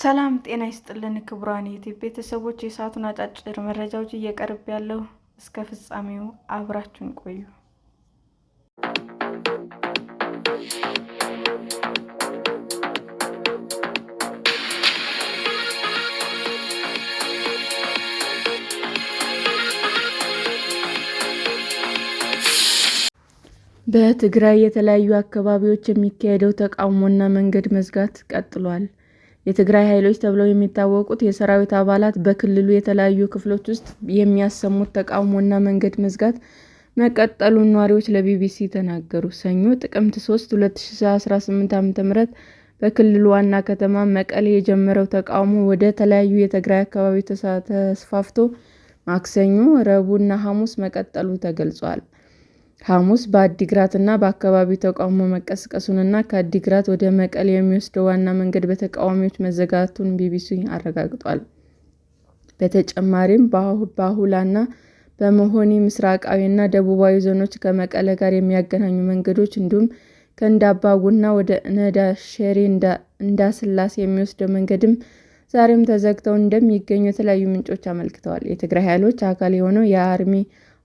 ሰላም ጤና ይስጥልን ክቡራን ዩቲ ቤተሰቦች፣ የሰዓቱን አጫጭር መረጃዎች እየቀርብ ያለው እስከ ፍጻሜው አብራችን ቆዩ። በትግራይ የተለያዩ አካባቢዎች የሚካሄደው ተቃውሞና መንገድ መዝጋት ቀጥሏል። የትግራይ ኃይሎች ተብለው የሚታወቁት የሰራዊት አባላት በክልሉ የተለያዩ ክፍሎች ውስጥ የሚያሰሙት ተቃውሞና መንገድ መዝጋት መቀጠሉን ነዋሪዎች ለቢቢሲ ተናገሩ። ሰኞ ጥቅምት 3 2018 ዓ.ም በክልሉ ዋና ከተማ መቀሌ የጀመረው ተቃውሞ ወደ ተለያዩ የትግራይ አካባቢዎች ተስፋፍቶ ማክሰኞ፣ እና ሐሙስ መቀጠሉ ተገልጿል። ሐሙስ በአዲግራትና በአካባቢው ተቃውሞ መቀስቀሱንና ከአዲግራት ወደ መቀሌ የሚወስደው ዋና መንገድ በተቃዋሚዎች መዘጋቱን ቢቢሲ አረጋግጧል። በተጨማሪም በአሁላና በመሆኒ ምስራቃዊና ደቡባዊ ዞኖች ከመቀለ ጋር የሚያገናኙ መንገዶች እንዲሁም ከእንዳባጉና ወደ ነዳሼሪ እንዳስላሴ የሚወስደው መንገድም ዛሬም ተዘግተው እንደሚገኙ የተለያዩ ምንጮች አመልክተዋል። የትግራይ ኃይሎች አካል የሆነው የአርሚ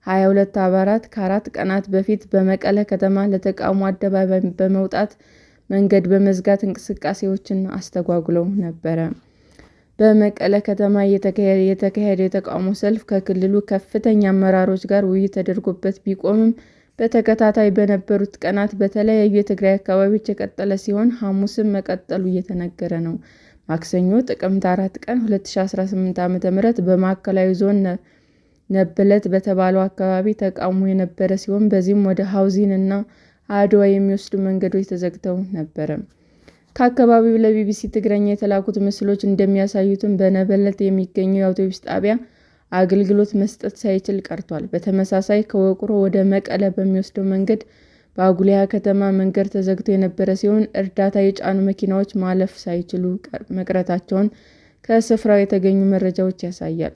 22 አባላት ከአራት ቀናት በፊት በመቀለ ከተማ ለተቃውሞ አደባባይ በመውጣት መንገድ በመዝጋት እንቅስቃሴዎችን አስተጓጉለው ነበረ። በመቀለ ከተማ የተካሄደ የተቃውሞ ሰልፍ ከክልሉ ከፍተኛ አመራሮች ጋር ውይይት ተደርጎበት ቢቆምም በተከታታይ በነበሩት ቀናት በተለያዩ የትግራይ አካባቢዎች የቀጠለ ሲሆን ሐሙስም መቀጠሉ እየተነገረ ነው። ማክሰኞ ጥቅምት 4 ቀን 2018 ዓ.ም በማዕከላዊ ዞን ነብለት በተባለው አካባቢ ተቃውሞ የነበረ ሲሆን በዚህም ወደ ሀውዚን እና አድዋ የሚወስዱ መንገዶች ተዘግተው ነበረ። ከአካባቢው ለቢቢሲ ትግረኛ የተላኩት ምስሎች እንደሚያሳዩትም በነብለት የሚገኘው የአውቶቡስ ጣቢያ አገልግሎት መስጠት ሳይችል ቀርቷል። በተመሳሳይ ከወቅሮ ወደ መቀለ በሚወስደው መንገድ በአጉሊያ ከተማ መንገድ ተዘግቶ የነበረ ሲሆን እርዳታ የጫኑ መኪናዎች ማለፍ ሳይችሉ መቅረታቸውን ከስፍራው የተገኙ መረጃዎች ያሳያል።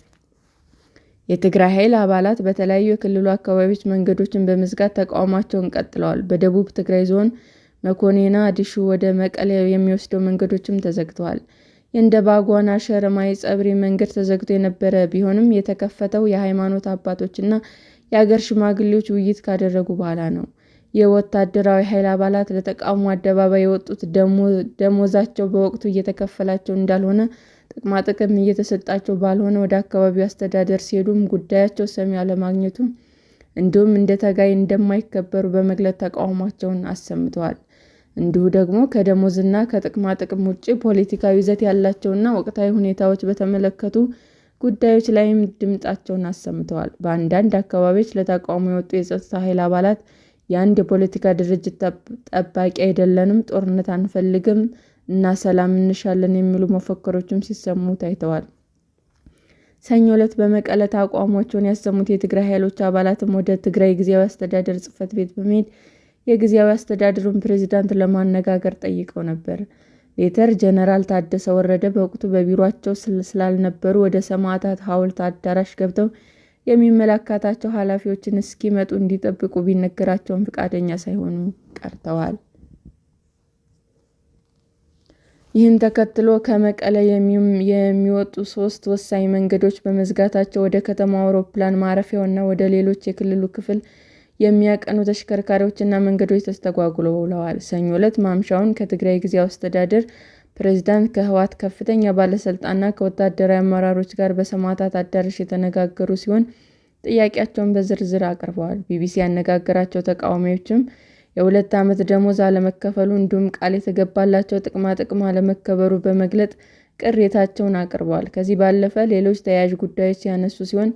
የትግራይ ኃይል አባላት በተለያዩ የክልሉ አካባቢዎች መንገዶችን በመዝጋት ተቃውሟቸውን ቀጥለዋል። በደቡብ ትግራይ ዞን መኮኔና ዲሹ ወደ መቀለ የሚወስዱ መንገዶችም ተዘግተዋል። ባጓና ሸረማይ ጸብሪ መንገድ ተዘግቶ የነበረ ቢሆንም የተከፈተው የሃይማኖት አባቶችና የአገር ሽማግሌዎች ውይይት ካደረጉ በኋላ ነው። የወታደራዊ ኃይል አባላት ለተቃውሞ አደባባይ የወጡት ደሞዛቸው በወቅቱ እየተከፈላቸው እንዳልሆነ ጥቅማጥቅም እየተሰጣቸው ባልሆነ ወደ አካባቢው አስተዳደር ሲሄዱም ጉዳያቸው ሰሚ አለማግኘቱ እንዲሁም እንደ ተጋይ እንደማይከበሩ በመግለጥ ተቃውሟቸውን አሰምተዋል። እንዲሁ ደግሞ ከደሞዝና ከጥቅማጥቅም ውጪ ፖለቲካዊ ይዘት ያላቸውና ወቅታዊ ሁኔታዎች በተመለከቱ ጉዳዮች ላይም ድምጻቸውን አሰምተዋል። በአንዳንድ አካባቢዎች ለተቃውሞ የወጡ የጸጥታ ኃይል አባላት የአንድ የፖለቲካ ድርጅት ጠባቂ አይደለንም፣ ጦርነት አንፈልግም እና ሰላም እንሻለን የሚሉ መፈክሮችም ሲሰሙ ታይተዋል። ሰኞ ዕለት በመቀለ ተቃውሟቸውን ያሰሙት የትግራይ ኃይሎች አባላትም ወደ ትግራይ ጊዜያዊ አስተዳደር ጽህፈት ቤት በመሄድ የጊዜያዊ አስተዳደሩን ፕሬዝዳንት ለማነጋገር ጠይቀው ነበር። ሌተር ጀነራል ታደሰ ወረደ በወቅቱ በቢሮቸው ስላልነበሩ ወደ ሰማዕታት ሐውልት አዳራሽ ገብተው የሚመለከታቸው ኃላፊዎችን እስኪመጡ እንዲጠብቁ ቢነገራቸውም ፈቃደኛ ሳይሆኑ ቀርተዋል። ይህን ተከትሎ ከመቀለ የሚወጡ ሶስት ወሳኝ መንገዶች በመዝጋታቸው ወደ ከተማው አውሮፕላን ማረፊያውና ወደ ሌሎች የክልሉ ክፍል የሚያቀኑ ተሽከርካሪዎችና መንገዶች ተስተጓጉለው ውለዋል። ሰኞ ዕለት ማምሻውን ከትግራይ ጊዜያዊ አስተዳደር ፕሬዝዳንት፣ ከህወሓት ከፍተኛ ባለስልጣንና ከወታደራዊ አመራሮች ጋር በሰማዕታት አዳራሽ የተነጋገሩ ሲሆን ጥያቄያቸውን በዝርዝር አቅርበዋል። ቢቢሲ ያነጋገራቸው ተቃዋሚዎችም የሁለት ዓመት ደሞዝ አለመከፈሉ እንዲሁም ቃል የተገባላቸው ጥቅማ ጥቅም አለመከበሩ በመግለጥ ቅሬታቸውን አቅርበዋል። ከዚህ ባለፈ ሌሎች ተያያዥ ጉዳዮች ያነሱ ሲሆን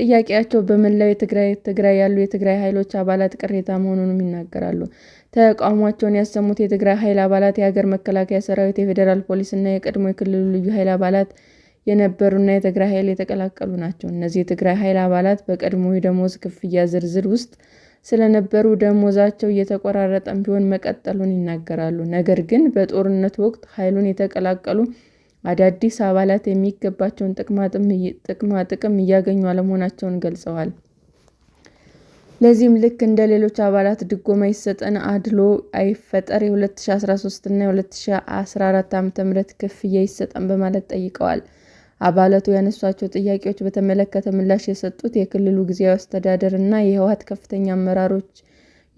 ጥያቄያቸው በመላው የትግራይ ትግራይ ያሉ የትግራይ ኃይሎች አባላት ቅሬታ መሆኑንም ይናገራሉ። ተቃውሟቸውን ያሰሙት የትግራይ ኃይል አባላት የሀገር መከላከያ ሰራዊት፣ የፌዴራል ፖሊስ እና የቀድሞ የክልሉ ልዩ ኃይል አባላት የነበሩና የትግራይ ኃይል የተቀላቀሉ ናቸው። እነዚህ የትግራይ ኃይል አባላት በቀድሞ የደሞዝ ክፍያ ዝርዝር ውስጥ ስለነበሩ ደሞዛቸው እየተቆራረጠም ቢሆን መቀጠሉን ይናገራሉ። ነገር ግን በጦርነት ወቅት ኃይሉን የተቀላቀሉ አዳዲስ አባላት የሚገባቸውን ጥቅማ ጥቅም እያገኙ አለመሆናቸውን ገልጸዋል። ለዚህም ልክ እንደ ሌሎች አባላት ድጎማ ይሰጠን፣ አድሎ አይፈጠር፣ የ2013 እና የ2014 ዓ.ም ክፍያ ይሰጠን በማለት ጠይቀዋል። አባላቱ ያነሷቸው ጥያቄዎች በተመለከተ ምላሽ የሰጡት የክልሉ ጊዜያዊ አስተዳደር እና የህወሓት ከፍተኛ አመራሮች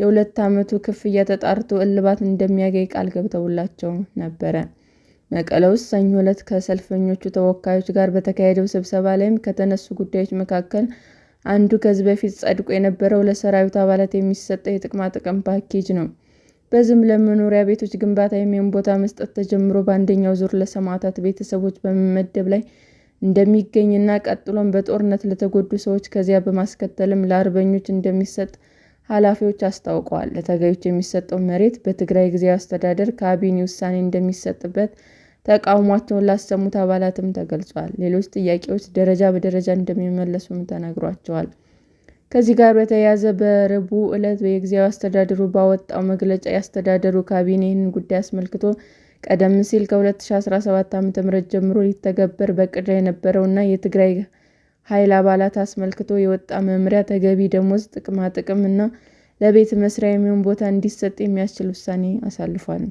የሁለት ዓመቱ ክፍያ ተጣርቶ እልባት እንደሚያገኝ ቃል ገብተውላቸው ነበረ። መቀለ ውስጥ ሰኞ ዕለት ከሰልፈኞቹ ተወካዮች ጋር በተካሄደው ስብሰባ ላይም ከተነሱ ጉዳዮች መካከል አንዱ ከዚህ በፊት ጸድቆ የነበረው ለሰራዊት አባላት የሚሰጠው የጥቅማ ጥቅም ፓኬጅ ነው። በዚህም ለመኖሪያ ቤቶች ግንባታ የሚሆን ቦታ መስጠት ተጀምሮ በአንደኛው ዙር ለሰማዕታት ቤተሰቦች በመመደብ ላይ እንደሚገኝና ቀጥሎም በጦርነት ለተጎዱ ሰዎች ከዚያ በማስከተልም ለአርበኞች እንደሚሰጥ ኃላፊዎች አስታውቀዋል። ለተገዮች የሚሰጠው መሬት በትግራይ ጊዜያዊ አስተዳደር ካቢኔ ውሳኔ እንደሚሰጥበት ተቃውሟቸውን ላሰሙት አባላትም ተገልጿል። ሌሎች ጥያቄዎች ደረጃ በደረጃ እንደሚመለሱም ተነግሯቸዋል። ከዚህ ጋር በተያያዘ በረቡዕ ዕለት የጊዜያዊ አስተዳደሩ ባወጣው መግለጫ የአስተዳደሩ ካቢኔ ይህን ጉዳይ አስመልክቶ ቀደም ሲል ከ2017 ዓ.ም ጀምሮ ሊተገበር በቅድ የነበረው የነበረውና የትግራይ ኃይል አባላት አስመልክቶ የወጣ መምሪያ ተገቢ ደሞዝ ጥቅማ ጥቅም እና ለቤት መስሪያ የሚሆን ቦታ እንዲሰጥ የሚያስችል ውሳኔ አሳልፏል።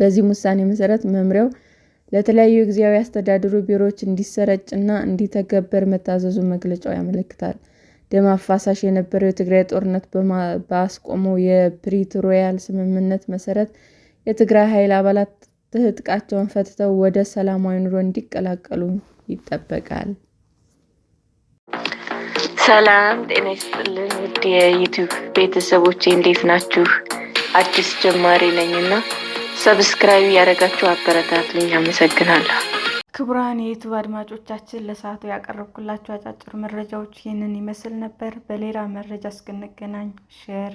በዚህም ውሳኔ መሰረት መምሪያው ለተለያዩ ጊዜያዊ አስተዳደሩ ቢሮዎች እንዲሰረጭ እና እንዲተገበር መታዘዙን መግለጫው ያመለክታል። ደም አፋሳሽ የነበረው የትግራይ ጦርነት ባስቆመው የፕሪቶሪያል ስምምነት መሰረት የትግራይ ኃይል አባላት ትጥቃቸውን ፈትተው ወደ ሰላማዊ ኑሮ እንዲቀላቀሉ ይጠበቃል። ሰላም ጤና ይስጥልን ውድ የዩቱብ ቤተሰቦች እንዴት ናችሁ? አዲስ ጀማሪ ነኝ እና ሰብስክራይብ ያደረጋችሁ አበረታቱኝ። አመሰግናለሁ። ክቡራን የዩቱብ አድማጮቻችን ለሰዓቱ ያቀረብኩላችሁ አጫጭር መረጃዎች ይህንን ይመስል ነበር። በሌላ መረጃ እስክንገናኝ ሼር